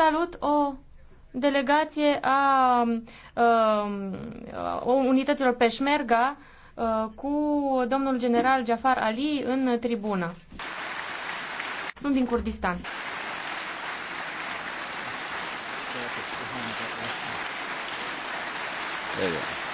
salut o delegație a um, a unităților Peșmerga a, uh, cu domnul general Jafar Ali în tribună. Sunt din Kurdistan. Yeah.